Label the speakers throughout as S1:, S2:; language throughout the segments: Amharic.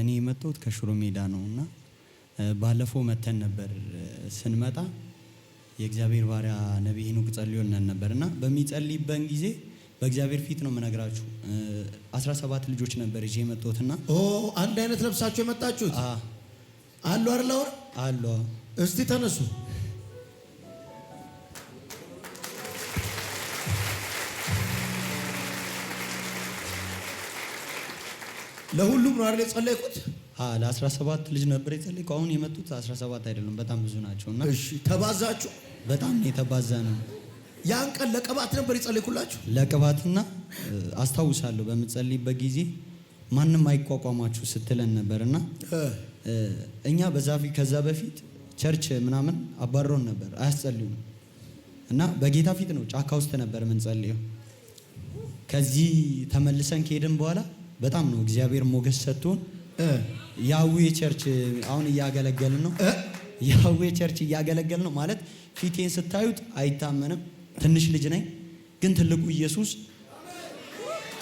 S1: እኔ የመጣሁት ከሽሮ ሜዳ ነው እና ባለፈው መተን ነበር። ስንመጣ የእግዚአብሔር ባሪያ ነቢይ ሄኖክ ጸልዮልን ነበር እና በሚጸልይበን ጊዜ በእግዚአብሔር ፊት ነው የምነግራችሁ። 17 ልጆች ነበር ይዤ የመጣሁት እና
S2: አንድ አይነት ለብሳችሁ የመጣችሁት አሉ አሉ። እስቲ ተነሱ ለሁሉም ነው አይደል የጸለይኩት?
S1: ለ17 ልጅ ነበር የጸለይኩት። አሁን የመጡት 17 አይደለም በጣም ብዙ ናቸው። እና
S2: እሺ ተባዛችሁ?
S1: በጣም ነው የተባዛ ነው።
S2: ያን ቀን ለቅባት ነበር የጸለይኩላችሁ።
S1: ለቅባትና አስታውሳለሁ በምጸልይበት ጊዜ ማንም አይቋቋማችሁ ስትለን ነበርና እኛ በዛፊ ከዛ በፊት ቸርች ምናምን አባረውን ነበር አያስጸልዩም። እና በጌታ ፊት ነው ጫካ ውስጥ ነበር የምንጸልየው። ከዚህ ተመልሰን ከሄድን በኋላ በጣም ነው እግዚአብሔር ሞገስ ሰጥቶን ያዌ ቸርች አሁን እያገለገልን ነው። ያዌ ቸርች እያገለገልን ነው ማለት ፊቴን ስታዩት አይታመንም። ትንሽ ልጅ ነኝ፣ ግን ትልቁ ኢየሱስ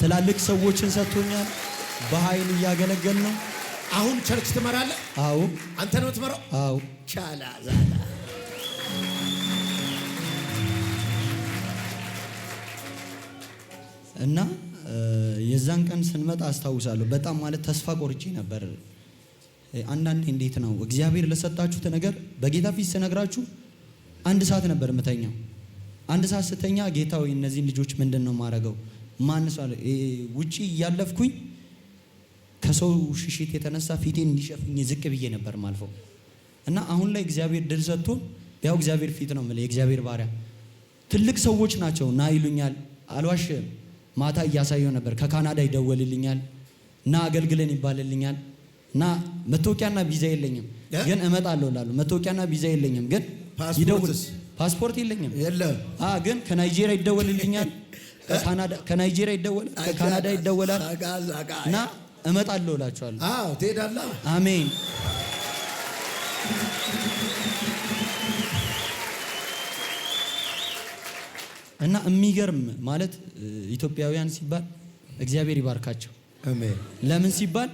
S1: ትላልቅ ሰዎችን ሰጥቶኛል። በኃይል እያገለገልን ነው።
S2: አሁን ቸርች ትመራለህ? አዎ። አንተ ነው ትመራው? አዎ። ቻላ ዛላ
S1: እና የዛን ቀን ስንመጣ አስታውሳለሁ። በጣም ማለት ተስፋ ቆርጬ ነበር። አንዳንዴ እንዴት ነው እግዚአብሔር ለሰጣችሁት ነገር በጌታ ፊት ስነግራችሁ አንድ ሰዓት ነበር ምተኛው። አንድ ሰዓት ስተኛ ጌታ ወይ እነዚህን ልጆች ምንድን ነው ማረገው? ማንሳለ ውጪ እያለፍኩኝ ከሰው ሽሽት የተነሳ ፊቴን እንዲሸፍኝ ዝቅ ብዬ ነበር ማልፈው እና አሁን ላይ እግዚአብሔር ድል ሰጥቶ ያው እግዚአብሔር ፊት ነው የምልህ የእግዚአብሔር ባሪያ ትልቅ ሰዎች ናቸው ና ይሉኛል አልዋሽም ማታ እያሳየው ነበር። ከካናዳ ይደወልልኛል እና አገልግለን ይባልልኛል እና መታወቂያና ቪዛ የለኝም ግን እመጣለሁ እላለሁ። መታወቂያና ቪዛ የለኝም ግን ይደውል ፓስፖርት የለኝም ግን ከናይጄሪያ ይደወልልኛል፣ ከናይጄሪያ ይደወላል፣ ከካናዳ ይደወላል እና እመጣለሁ እላቸዋለሁ። ትሄዳለህ? አሜን እና የሚገርም ማለት ኢትዮጵያውያን ሲባል እግዚአብሔር ይባርካቸው። ለምን ሲባል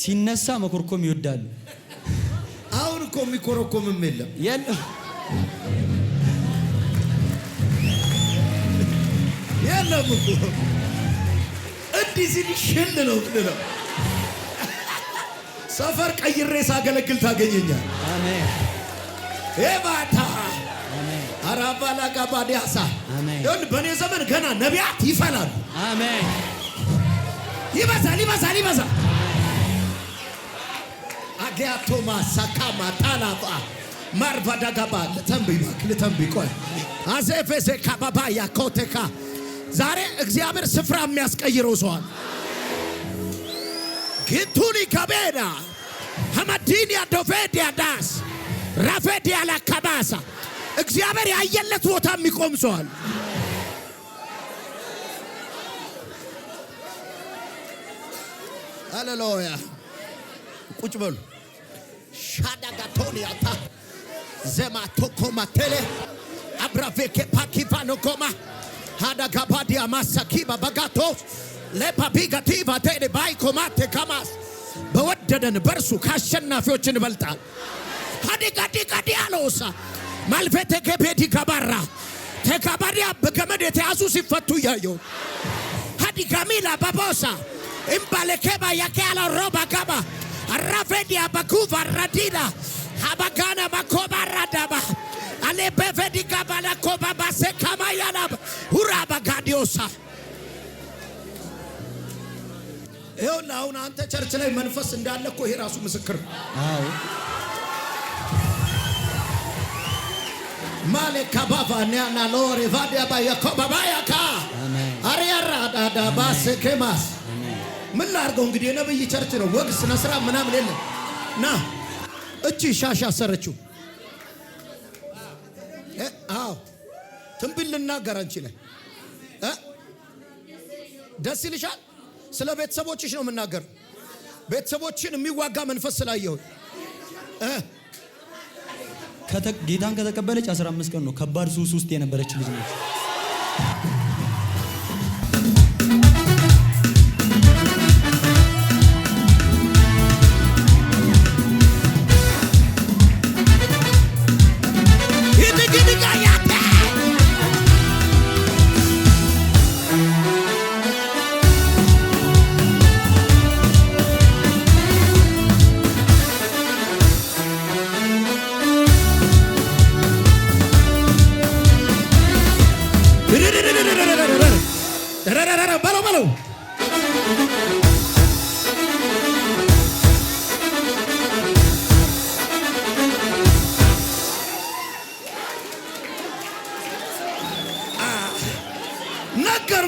S1: ሲነሳ መኮርኮም ይወዳሉ።
S2: አሁን እኮ የሚኮረኮምም የለም የለም የለም እንዲህ ሲል ሽል ነው ነው ሰፈር ቀይሬ ሳገለግል ታገኘኛል። ይሄ ማታ አራባላጋባዲያሳ ይሁን በእኔ ዘመን ገና ነቢያት ይፈላሉ። አሜን። ይበዛል፣ ይበዛል፣ ይበዛል። አዲያቶማ ሳካማ ጣላባ ማርባዳጋባ ልተንብይ እባክህ ልተንብይ ቆይ አዘፌሴ ካባባ ያኮቴካ ዛሬ እግዚአብሔር ስፍራ የሚያስቀይረው ሰዋል ግቱኒ ከቤዳ ሀመዲን ያዶፌድ ያዳስ ራፌድ ያላካባሳ እግዚአብሔር ያየለት ቦታ የሚቆም ሰዋል። አለ። ሃሌሉያ ቁጭ በሉ። ሻዳጋቶሊያታ ዘማቶኮማ ቴሌ አብራቬኬ ፓኪቫኖኮማ ሃዳጋባዲያ ማሳኪባ በጋቶ ለፓፒጋቲቫ ቴ ባይኮማቴ ከማስ በወደደን በእርሱ ከአሸናፊዎች እንበልጣል። ሀዲጋዲጋዲ አለውሳ ማልፌቴ ከቤት ይከባራ ተከባሪያ በገመድ የተያዙ ሲፈቱ እያየው ሀዲጋሚላ ባቦሳ እምባለኬባ ያኬያላ ሮባ ጋባ አራፌዲያ በኩቫ ራዲላ ሀባጋና ማኮባ ራዳባ አሌበፌዲጋ ባላኮባ ባሴካማ ያላባ ሁራባ ጋዲዮሳ ይኸውልህ አሁን አንተ ቸርች ላይ መንፈስ እንዳለ እኮ ይሄ ራሱ ምስክር ነው። ማሌካባቫኒያናሎሬቫዲያባያኮባባያካአሪያራዳዳባሴኬማስ ምን ላድርገው እንግዲህ የነብይ ቸርች ነው። ወግ ስነ ስርዓት ምናምን የለም። ና እቺ ሻሽ አሰረችው። አዎ ትንቢት ልናገር አንቺ ላይ ደስ ይልሻል። ስለ ቤተሰቦችሽ ነው የምናገር። ቤተሰቦችን የሚዋጋ መንፈስ ስላየሁኝ
S1: ጌታን ከተቀበለች 15 ቀን ነው። ከባድ ሱስ ውስጥ የነበረች ልጅ ነች።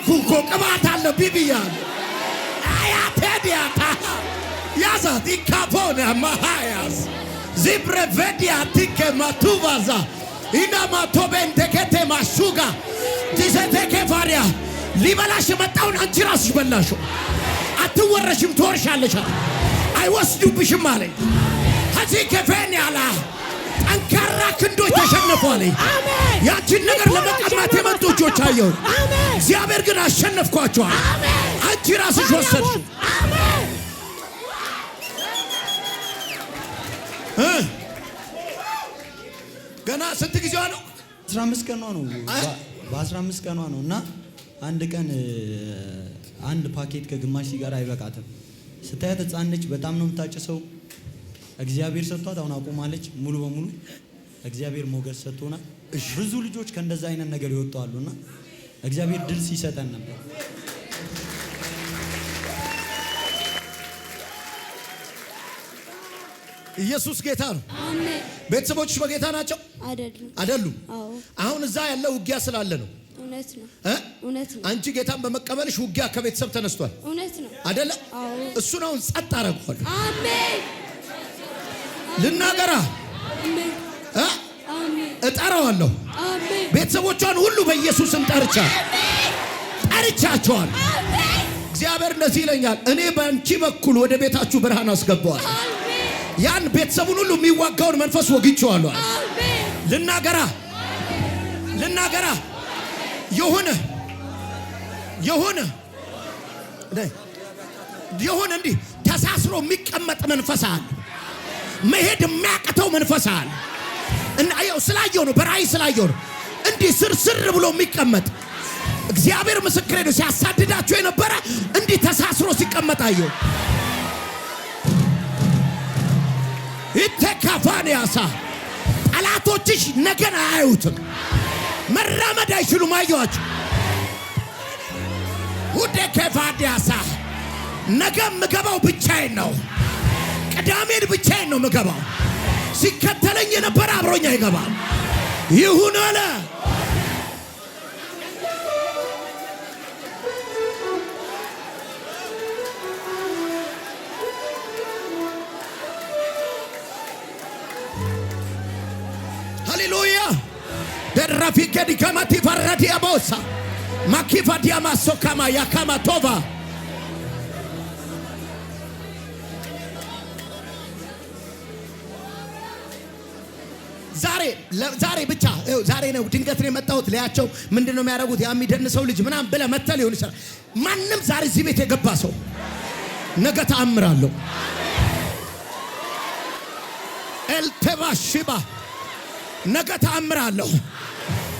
S2: አልኩ እኮ ቅባት አለብኝ ብያለሁ። አያቴዲያታ ያዛት ኢካፖነ ማሃያዝ ዚብሬቬዲያ ቲኬ ማቱቫዛ ኢናማቶቤንቴኬቴ ማሹጋ ዲሴቴኬ ፋሪያ ሊበላሽ የመጣውን አንቺ ራስሽ በላሽው። አትወረሽም ትወርሻለሻት አይወስዱብሽም አለኝ ከዚህ ከፌን ያላ ክንዶች ተሸነፏል። ያችን ነገር ለመቀማት የመጡ እጆች አየሁ። እግዚአብሔር ግን አሸነፍኳቸዋል። አንቺ ራስሽ ወሰድሽ። ገና ስንት ጊዜዋ ነው?
S1: አስራ አምስት ቀኗ ነው። በአስራ አምስት ቀኗ ነው እና አንድ ቀን አንድ ፓኬት ከግማሽ ሲጋራ አይበቃትም። ስታያት ሕፃን ነች። በጣም ነው የምታጭሰው። እግዚአብሔር ሰጥቷት አሁን አቁማለች ሙሉ በሙሉ እግዚአብሔር ሞገስ ሰጥቶናል። ብዙ ልጆች ከእንደዛ አይነት ነገር ይወጣሉና እግዚአብሔር ድል ሲሰጠን ነበር።
S2: ኢየሱስ ጌታ ነው። ቤተሰቦችሽ በጌታ ናቸው አይደሉም? አሁን እዛ ያለው ውጊያ ስላለ ነው። አንቺ ጌታን በመቀበልሽ ውጊያ ከቤተሰብ ተነስቷል። እውነት ነው አይደለ? እሱን አሁን ጸጥ አደርገዋለሁ።
S3: አሜን።
S2: ልናገራ እጠራዋለሁ። ቤተሰቦቿን ሁሉ በኢየሱስም ጠርቻ ጠርቻቸዋል። እግዚአብሔር እንደዚህ ይለኛል፣ እኔ በአንቺ በኩል ወደ ቤታችሁ ብርሃን አስገባዋል። ያን ቤተሰቡን ሁሉ የሚዋጋውን መንፈስ ወግቼዋለሁ። ልናገራ ልናገራ የሆነ የሆነ የሆነ እንዲህ ተሳስሮ የሚቀመጥ መንፈስ አለ። መሄድ የሚያቅተው መንፈስ አለ። ስላየው ነው። በራእይ ስላየው ነው። እንዲህ ስር ስር ብሎ የሚቀመጥ እግዚአብሔር ምስክሬ ነው። ሲያሳድዳቸው የነበረ እንዲህ ተሳስሮ ሲቀመጥ አየው። ይተካፋን ያሳ ጠላቶችሽ ነገን አያዩትም። መራመድ አይችሉም። አየኋቸው። ውደ ከፋድ ያሳ ነገ ምገባው ብቻዬን ነው። ቅዳሜን ብቻዬን ነው ምገባው ሲከተለኝ የነበረ አብሮኛ ይገባል። ይሁን አለ። ሃሌሉያ ደራፊ ከዲካማቲ ፈረዲያ ቦሳ ማኪፋዲያ ማሶካማ ያካማ ቶቫ ዛሬ ዛሬ ብቻ ዛሬ ነው ድንገት ነው የመጣሁት ላያቸው ምንድን ነው የሚያደርጉት ያ የሚደንሰው ልጅ ምናምን ብለህ መተህ ሊሆን ይችላል። ማንም ዛሬ እዚህ ቤት የገባ ሰው ነገ ተአምራለሁ ኤልቴባሽባ ነገ ተአምራለሁ።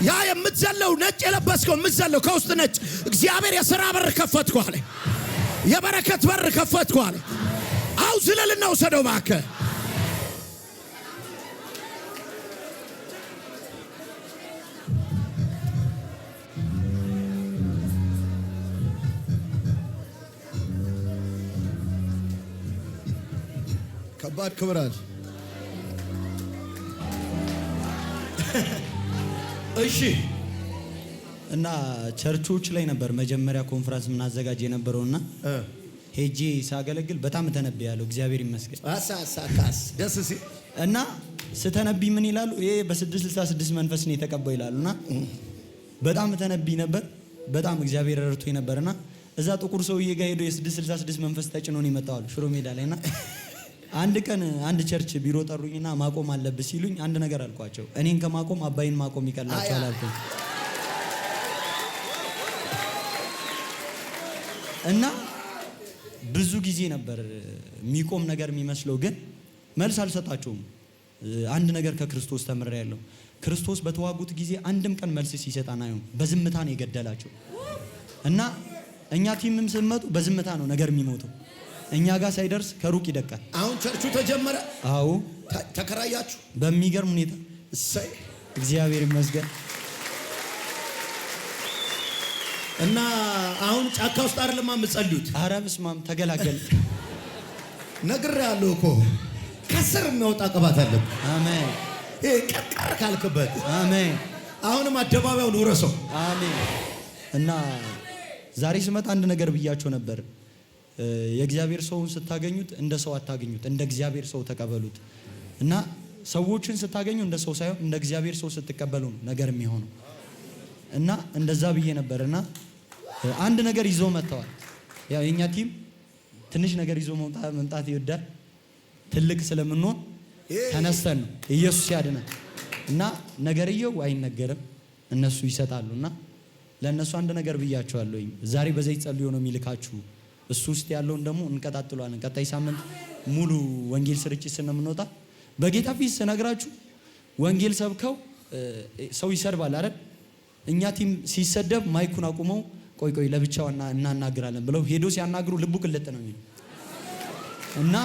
S2: ያ የምትዘለው ነጭ የለበስከው የምትዘለው ከውስጥ ነጭ እግዚአብሔር የሥራ በር ከፈትኩ አለ። የበረከት በር ከፈትኩ አለ። አው ዝለልና ውሰደው እባክህ ከባድ ክብር አለ። እሺ
S1: እና ቸርቾች ላይ ነበር መጀመሪያ ኮንፈረንስ ምናዘጋጅ እና ሄጄ ሳገለግል በጣም ተነብ እተነብያለሁ። እግዚአብሔር ይመስገን። ደስ ሲል እና ስተነብይ ምን ይላሉ? ይሄ በ666 መንፈስ ነው የተቀባው ይላሉና በጣም እተነብይ ነበር። በጣም እግዚአብሔር ረድቶኝ ነበርና እዛ ጥቁር ሰውዬ ጋር ሄዶ የ666 መንፈስ ተጭኖ ነው የመጣው አሉ ሽሮ ሜዳ ላይና አንድ ቀን አንድ ቸርች ቢሮ ጠሩኝና ማቆም አለብህ ሲሉኝ አንድ ነገር አልኳቸው። እኔን ከማቆም አባይን ማቆም ይቀላቸዋል አልኩኝ እና ብዙ ጊዜ ነበር የሚቆም ነገር የሚመስለው፣ ግን መልስ አልሰጣቸውም። አንድ ነገር ከክርስቶስ ተምሬያለሁ። ክርስቶስ በተዋጉት ጊዜ አንድም ቀን መልስ ሲሰጥ አናየውም። በዝምታ ነው የገደላቸው እና እኛ ቲምም ስንመጡ በዝምታ ነው ነገር የሚሞተው እኛ ጋር ሳይደርስ ከሩቅ ይደቃል።
S2: አሁን ቸርቹ ተጀመረ። አዎ ተከራያችሁ።
S1: በሚገርም ሁኔታ እሰይ፣ እግዚአብሔር ይመስገን።
S2: እና አሁን ጫካ ውስጥ አይደለም የምትጸልዩት?
S1: ኧረ በስመ አብ ተገላገል።
S2: ነግሬሃለሁ እኮ ከስር የሚያወጣ ቅባት አለብህ። አሜን። ይሄ ቀጥቀር ካልክበት አሜን። አሁንም አደባባዩን ውረሰው።
S1: አሜን። እና ዛሬ ስመጣ አንድ ነገር ብያቸው ነበር የእግዚአብሔር ሰውን ስታገኙት እንደ ሰው አታገኙት፣ እንደ እግዚአብሔር ሰው ተቀበሉት እና ሰዎችን ስታገኙ እንደ ሰው ሳይሆን እንደ እግዚአብሔር ሰው ስትቀበሉ ነው ነገር የሚሆነው። እና እንደዛ ብዬ ነበር። እና አንድ ነገር ይዞ መጥተዋል። ያው የኛ ቲም ትንሽ ነገር ይዞ መምጣት ይወዳል። ትልቅ ስለምንሆን ተነስተን ነው ኢየሱስ ያድናል። እና ነገርየው አይነገርም፣ እነሱ ይሰጣሉ። እና ለእነሱ አንድ ነገር ብያቸዋለሁኝ። ዛሬ በዘይት ጸልዮ ነው የሚልካችሁ እሱ ውስጥ ያለውን ደግሞ እንቀጣጥሏለን። ቀጣይ ሳምንት ሙሉ ወንጌል ስርጭት ስንምንወጣ በጌታ ፊት ስነግራችሁ ወንጌል ሰብከው ሰው ይሰድባል አይደል? እኛ ቲም ሲሰደብ ማይኩን አቁመው ቆይ ቆይ ለብቻው እናናግራለን ብለው ሄዶ ሲያናግሩ ልቡ ቅልጥ ነው የሚለው እና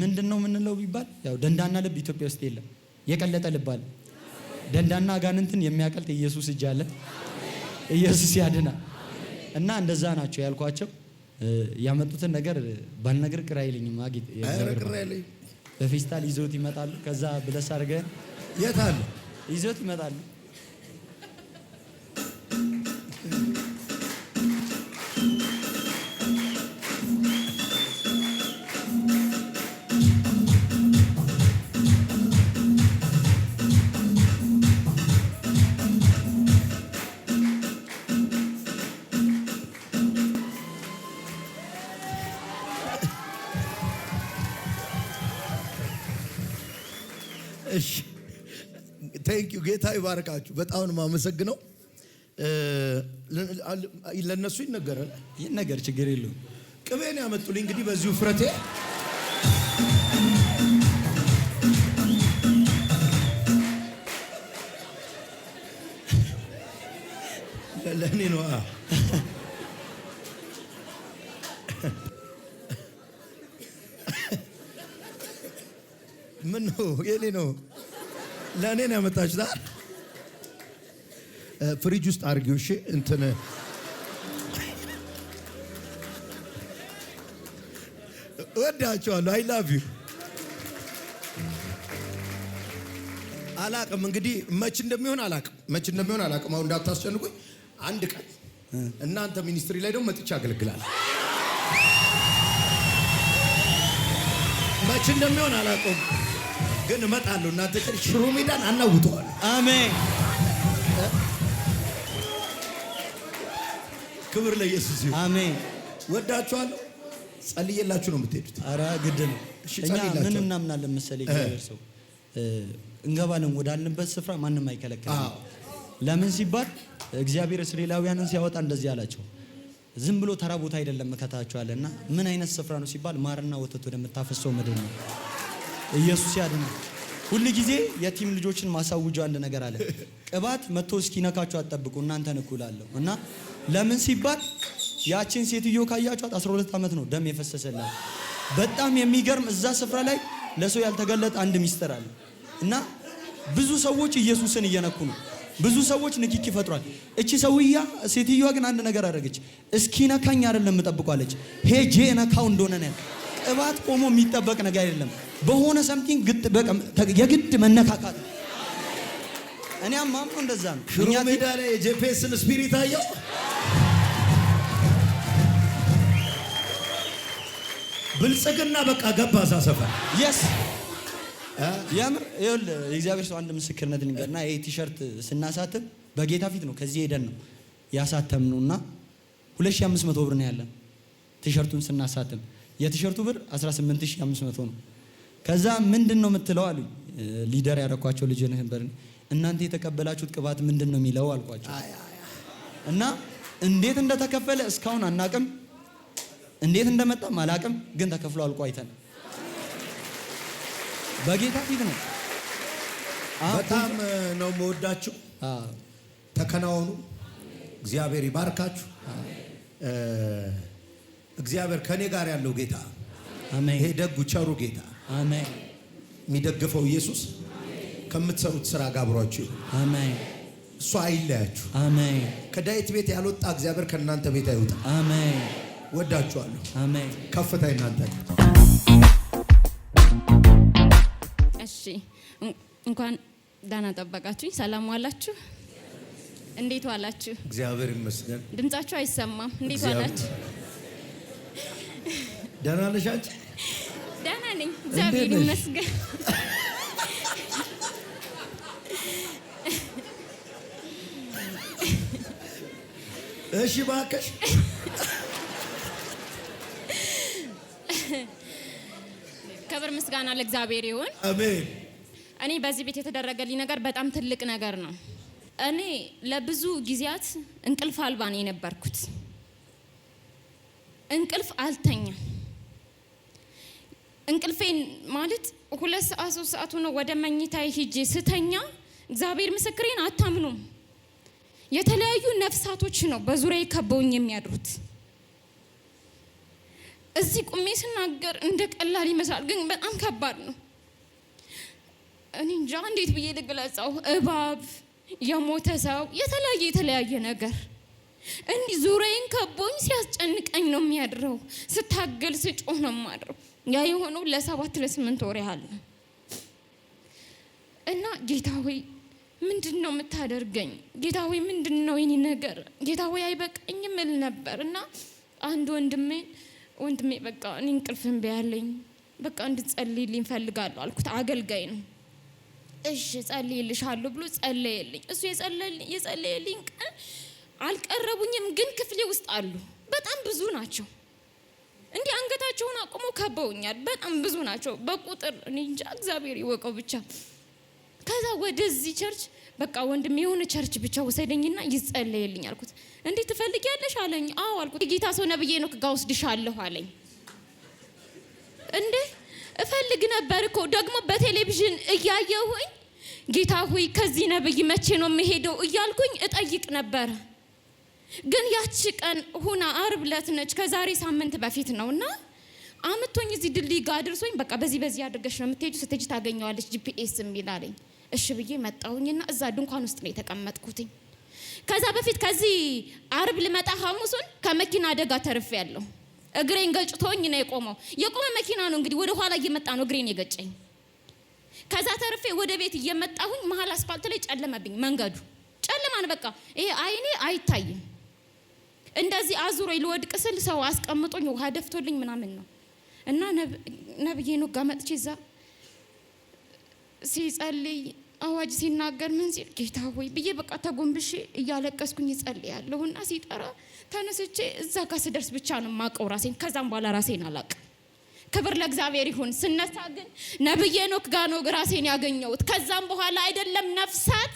S1: ምንድን ነው የምንለው ቢባል ያው ደንዳና ልብ ኢትዮጵያ ውስጥ የለም። የቀለጠ ልብ አለ። ደንዳና አጋንንትን የሚያቀልጥ ኢየሱስ እጅ አለ። ኢየሱስ ያድና እና እንደዛ ናቸው ያልኳቸው። ያመጡትን ነገር ባልነግር ቅር አይልኝም። ማግኘት በፌስታል ይዘውት ይመጣሉ። ከዛ ብለስ አድርገን የት አለ ይዘውት ይመጣሉ።
S2: ጌታ ይባርካችሁ። በጣም ነው የማመሰግነው። ለእነሱ ይነገራል።
S1: ይህን ነገር ችግር የለውም።
S2: ቅቤን ያመጡልኝ እንግዲህ በዚሁ ፍረቴ ለእኔ ነው። ምን ነው የኔ ነው። ለእኔ ነው ያመጣችሁታል ፍሪጅ ውስጥ አድርጊው። እሺ እንትን ወዳቸዋለሁ። አይ ላቭ ዩ አላቅም። እንግዲህ መች እንደሚሆን አላቅም፣ መች እንደሚሆን አላቅም። አሁን እንዳታስጨንቁኝ። አንድ ቀን እናንተ ሚኒስትሪ ላይ ደግሞ መጥቼ አገለግላለሁ። መች እንደሚሆን አላቅም፣ ግን እመጣለሁ። እናንተ ሽሮ ሜዳን አናውተዋል። አሜን ክብር ለኢየሱስ ይሁን። አሜን። ወዳችኋለሁ። ጸልየላችሁ ነው የምትሄዱት።
S1: ኧረ ግድ ነው። እኛ ምን እናምናለን መሰለኝ ሰው እንገባለን ወዳልንበት ስፍራ ማንም አይከለከል። ለምን ሲባል እግዚአብሔር እስራኤላውያንን ሲያወጣ እንደዚህ አላቸው፣ ዝም ብሎ ተራ ቦታ አይደለም እከታቸዋለሁ እና ምን አይነት ስፍራ ነው ሲባል ማርና ወተት ወደምታፈሰው ምድር ነው። ኢየሱስ ያድናል። ሁል ጊዜ የቲም ልጆችን ማሳውጃ አንድ ነገር አለ። ቅባት መጥቶ እስኪነካችሁ አትጠብቁ፣ እናንተን እኩል እና ለምን ሲባል ያችን ሴትዮ ካያችኋት 12 ዓመት ነው ደም የፈሰሰላት። በጣም የሚገርም እዛ ስፍራ ላይ ለሰው ያልተገለጠ አንድ ሚስጥር አለ እና ብዙ ሰዎች ኢየሱስን እየነኩ ነው። ብዙ ሰዎች ንክኪ ፈጥሯል። እቺ ሰውያ ሴትዮዋ ግን አንድ ነገር አደረገች። እስኪነካኝ አይደለም እጠብቋለች። ሄጄ ነካው እንደሆነ ነው። ቅባት ቆሞ የሚጠበቅ ነገር አይደለም። በሆነ ግጥ በቃ የግድ መነካካት ነው። እኔ አማምነው እንደዛ ነው።
S2: ሽሮ ሜዳ ላይ የጄፒኤስን ስፒሪት አየው። ብልጽግና በቃ ገባ እዛ ሰፈር።
S1: የስ የምር ይኸውልህ የእግዚአብሔር ሰው አንድ ምስክርነት ንገርና ይሄ ቲሸርት ስናሳትም በጌታ ፊት ነው። ከዚህ ሄደን ነው ያሳተምነው እና 2500 ብር ነው ያለን ቲሸርቱን ስናሳትም የቲሸርቱ ብር 18500 ነው። ከዛ ምንድን ነው የምትለው አሉኝ። ሊደር ያደረኳቸው ልጅ ነበር። እናንተ የተቀበላችሁት ቅባት ምንድን ነው የሚለው አልኳቸው። እና እንዴት እንደተከፈለ እስካሁን አናቅም፣ እንዴት እንደመጣም አላቅም። ግን ተከፍሎ አልቆ አይተን በጌታ ፊት ነው።
S2: በጣም ነው የምወዳችሁ። ተከናወኑ። እግዚአብሔር ይባርካችሁ። እግዚአብሔር ከእኔ ጋር ያለው ጌታ ይሄ ደጉ ቸሩ ጌታ አሜን። የሚደግፈው ኢየሱስ ከምትሰሩት ስራ ጋር አብሯችሁ። አሜን። እሱ አይለያችሁ። አሜን። ከዳዊት ቤት ያልወጣ እግዚአብሔር ከእናንተ ቤት አይወጣ። አሜን። ወዳችኋለሁ። አሜን። ከፍታ እናንተ።
S4: እሺ፣ እንኳን ደህና ጠበቃችሁኝ። ሰላም ዋላችሁ። እንዴት ዋላችሁ?
S1: እግዚአብሔር ይመስገን።
S4: ድምጻችሁ አይሰማም። እንዴት ዋላችሁ?
S2: ደህና ነሽ አንቺ?
S4: ደህና ነኝ፣ እግዚአብሔር ይመስገን።
S2: እሺ እባክሽ
S4: ክብር ምስጋና ለእግዚአብሔር ይሁን። አሜን። እኔ በዚህ ቤት የተደረገልኝ ነገር በጣም ትልቅ ነገር ነው። እኔ ለብዙ ጊዜያት እንቅልፍ አልባ ነው የነበርኩት። እንቅልፍ አልተኛም። እንቅልፌን ማለት ሁለት ሰዓት ሶስት ሰዓት ሆኖ ወደ መኝታዬ ሂጄ ስተኛ እግዚአብሔር ምስክሬን አታምኑም። የተለያዩ ነፍሳቶች ነው በዙሪያ ከበውኝ የሚያድሩት። እዚህ ቁሜ ስናገር እንደ ቀላል ይመስላል፣ ግን በጣም ከባድ ነው። እኔ እንጃ እንዴት ብዬ ልግለጸው። እባብ፣ የሞተ ሰው፣ የተለያየ የተለያየ ነገር እንዲህ ዙሪያዬን ከቦኝ ሲያስጨንቀኝ ነው የሚያድረው። ስታገል ስጮህ ነው የማድረው። ያ የሆነው ለሰባት ለስምንት ወር ያህል ነው። እና ጌታ ሆይ ምንድን ነው የምታደርገኝ? ጌታ ሆይ ምንድን ነው የኔ ነገር? ጌታ ሆይ አይበቃኝም እል ነበር እና አንድ ወንድሜ ወንድሜ በቃ እኔ እንቅልፍ እምቢ በቃ እንድጸልይልኝ እፈልጋለሁ አልኩት። አገልጋይ ነው። እሺ ጸልይልሻለሁ ብሎ ጸለየልኝ። እሱ የጸለየልኝ ቀን አልቀረቡኝም፣ ግን ክፍሌ ውስጥ አሉ። በጣም ብዙ ናቸው። እንዲህ አንገታቸውን አቁሞ ከበውኛል። በጣም ብዙ ናቸው በቁጥር እኔ እንጃ፣ እግዚአብሔር ይወቀው ብቻ። ከዛ ወደዚህ ቸርች በቃ ወንድም የሆነ ቸርች ብቻ ውሰደኝና ይጸለይልኝ አልኩት። እንዴት ትፈልጊያለሽ አለኝ። አዎ አልኩት። የጌታ ሰው ነብዬ ነው ጋ ወስድሻለሁ አለኝ። እንዴ እፈልግ ነበር እኮ ደግሞ በቴሌቪዥን እያየሁኝ ጌታ ሆይ ከዚህ ነብይ መቼ ነው የምሄደው እያልኩኝ እጠይቅ ነበረ። ግን ያቺ ቀን ሁና አርብ ዕለት ነች፣ ከዛሬ ሳምንት በፊት ነው እና አመቶኝ እዚህ ድልድይ ጋር አድርሶኝ በቃ በዚህ በዚህ አድርገሽ ነው የምትሄጁ፣ ስትሄጂ ታገኘዋለች ጂፒኤስ የሚል አለኝ። እሺ ብዬ መጣሁኝና እዛ ድንኳን ውስጥ ነው የተቀመጥኩትኝ። ከዛ በፊት ከዚህ አርብ ልመጣ ሐሙሱን ከመኪና አደጋ ተርፌ ያለሁ እግሬን ገጭቶኝ ነው የቆመው። የቆመ መኪና ነው እንግዲህ ወደ ኋላ እየመጣ ነው እግሬን የገጨኝ። ከዛ ተርፌ ወደ ቤት እየመጣሁኝ መሀል አስፋልት ላይ ጨለመብኝ። መንገዱ ጨለማን በቃ ይሄ አይኔ አይታይም እንደዚህ አዙሮ ልወድቅ ስል ሰው አስቀምጦኝ ውሃ ደፍቶልኝ ምናምን ነው እና ነብዬ ኖህ ጋ መጥቼ እዛ ሲጸልይ አዋጅ ሲናገር ምን ሲል ጌታ ሆይ ብዬ በቃ ተጎንብሼ እያለቀስኩኝ እጸልያለሁ እና ሲጠራ ተነስቼ እዛ ጋር ስደርስ ብቻ ነው የማውቀው ራሴን። ከዛም በኋላ ራሴን አላቅ ክብር ለእግዚአብሔር ይሁን። ስነሳ ግን ነብዬ ኖክ ጋ ነው ራሴን ያገኘሁት። ከዛም በኋላ አይደለም ነፍሳት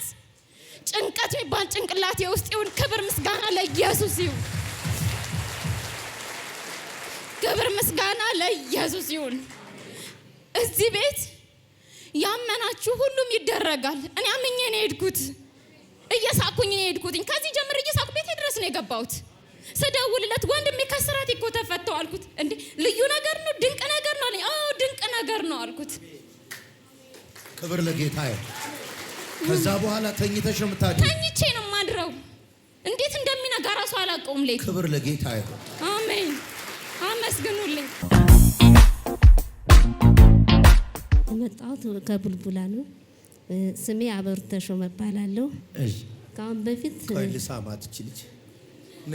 S4: ጭንቀት የሚባል ጭንቅላቴ ውስጥ ይሁን። ክብር ምስጋና ለኢየሱስ ይሁን። ክብር ምስጋና ለኢየሱስ ይሁን። እዚህ ቤት ያመናችሁ ሁሉም ይደረጋል። እኔ አምኜ ነው የሄድኩት፣ እየሳቅኩኝ ነው የሄድኩትኝ። ከዚህ ጀምር እየሳቁ ቤቴ ድረስ ነው የገባሁት። ስደውልለት ወንድሜ ከስራት እኮ ተፈተው አልኩት። እንዴ ልዩ ነገር ነው ድንቅ ነገር ነው አለኝ። ድንቅ ነገር ነው አልኩት።
S2: ክብር ለጌታ ከዛ በኋላ ተኝተሽ ነው የምታድሪው?
S4: ተኝቼ ነው የማድረው። እንዴት እንደሚነጋ ራሱ አላውቀውም። ሌት ክብር
S2: ለጌታ ይሁን።
S4: አሜን። አመስግኑልኝ።
S5: የመጣሁት ከቡልቡላ ነው። ስሜ አበሩ ተሾመ እባላለሁ። ከአሁን በፊት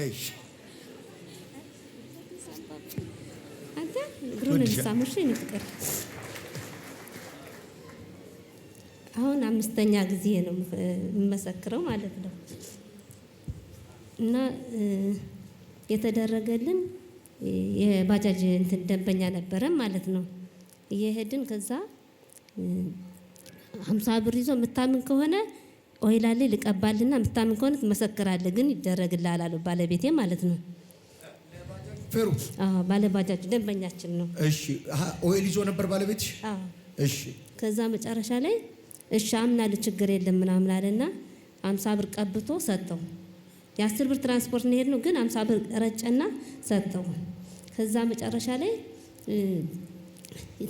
S5: ነሽ አንተ አሁን አምስተኛ ጊዜ ነው የምመሰክረው ማለት ነው። እና የተደረገልን የባጃጅ እንትን ደንበኛ ነበረ ማለት ነው። እየሄድን ከዛ ሀምሳ ብር ይዞ የምታምን ከሆነ ኦይላ ላይ ልቀባልና የምታምን ከሆነ ትመሰክራለህ፣ ግን ይደረግልሃል አሉ ባለቤቴ ማለት ነው። ፌሩ ደንበኛችን ነው።
S2: እሺ ኦይል ይዞ ነበር ባለቤት። እሺ
S5: ከዛ መጨረሻ ላይ እሺ አምናለሁ ችግር የለም ምናምን አለና አምሳ ብር ቀብቶ ሰጠው። የአስር ብር ትራንስፖርት ነው የሄድነው፣ ግን አምሳ ብር ረጨና ሰጠው። ከዛ መጨረሻ ላይ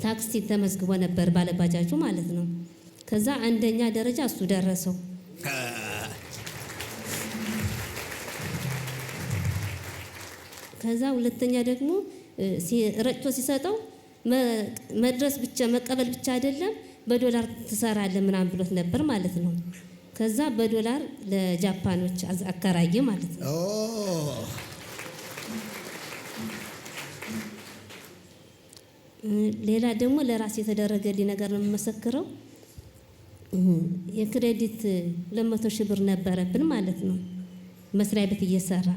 S5: ታክሲ ተመዝግቦ ነበር ባለባጃጁ ማለት ነው። ከዛ አንደኛ ደረጃ እሱ ደረሰው። ከዛ ሁለተኛ ደግሞ ረጭቶ ሲሰጠው መድረስ ብቻ መቀበል ብቻ አይደለም በዶላር ትሰራለህ ምናምን ብሎት ነበር ማለት ነው። ከዛ በዶላር ለጃፓኖች አከራየ ማለት ነው። ሌላ ደግሞ ለራስ የተደረገልኝ ነገር ነው የምመሰክረው። የክሬዲት ለመቶ ሺህ ብር ነበረብን ማለት ነው። መስሪያ ቤት እየሰራ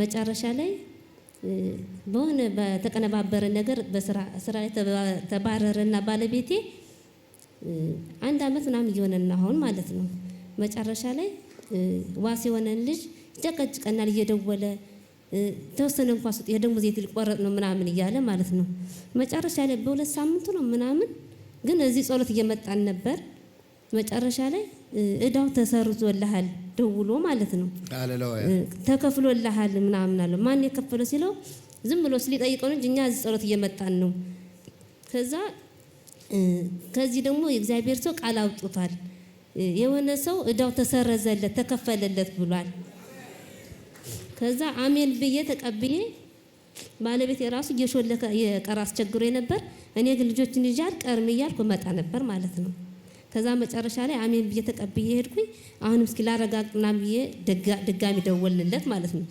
S5: መጨረሻ ላይ በሆነ በተቀነባበረ ነገር በስራ ላይ ተባረረና ባለቤቴ አንድ አመት ምናምን እየሆነና አሁን ማለት ነው። መጨረሻ ላይ ዋስ የሆነን ልጅ ይጨቀጭቀናል እየደወለ ተወሰነ እንኳ ስጡ የደሞዝ ዘይት ሊቆረጥ ነው ምናምን እያለ ማለት ነው። መጨረሻ ላይ በሁለት ሳምንቱ ነው ምናምን ግን እዚህ ጸሎት እየመጣን ነበር። መጨረሻ ላይ እዳው ተሰርዞልሃል ደውሎ ማለት ነው ተከፍሎልሃል ምናምን አለው። ማን የከፈለው ሲለው ዝም ብሎ ስሊጠይቀው እንጂ እኛ እዚህ ጸሎት እየመጣን ነው ከዛ ከዚህ ደግሞ የእግዚአብሔር ሰው ቃል አውጥቷል። የሆነ ሰው እዳው ተሰረዘለት ተከፈለለት ብሏል። ከዛ አሜን ብዬ ተቀብዬ ባለቤት የራሱ እየሾለከ የቀረ አስቸግሮ ነበር። እኔ ግን ልጆችን ይዤ አልቀርም እያልኩ እመጣ ነበር ማለት ነው። ከዛ መጨረሻ ላይ አሜን ብዬ ተቀብዬ ሄድኩኝ። አሁንም እስኪ ላረጋግጥና ብዬ ድጋሚ ደወልንለት ማለት ነው።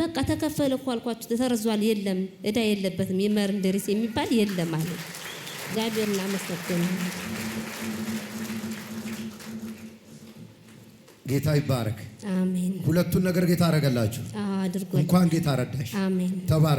S5: በቃ ተከፈለ እኮ አልኳችሁ፣ ተሰርዟል፣ የለም እዳ የለበትም የመርንድሪስ የሚባል የለም አለ። እግዚአብሔር እናመሰግናለን።
S2: ጌታ ይባረክ። አሜን። ሁለቱን ነገር ጌታ አደረገላችሁ። እንኳን ጌታ ረዳሽ።
S1: አሜን። ተባረክ።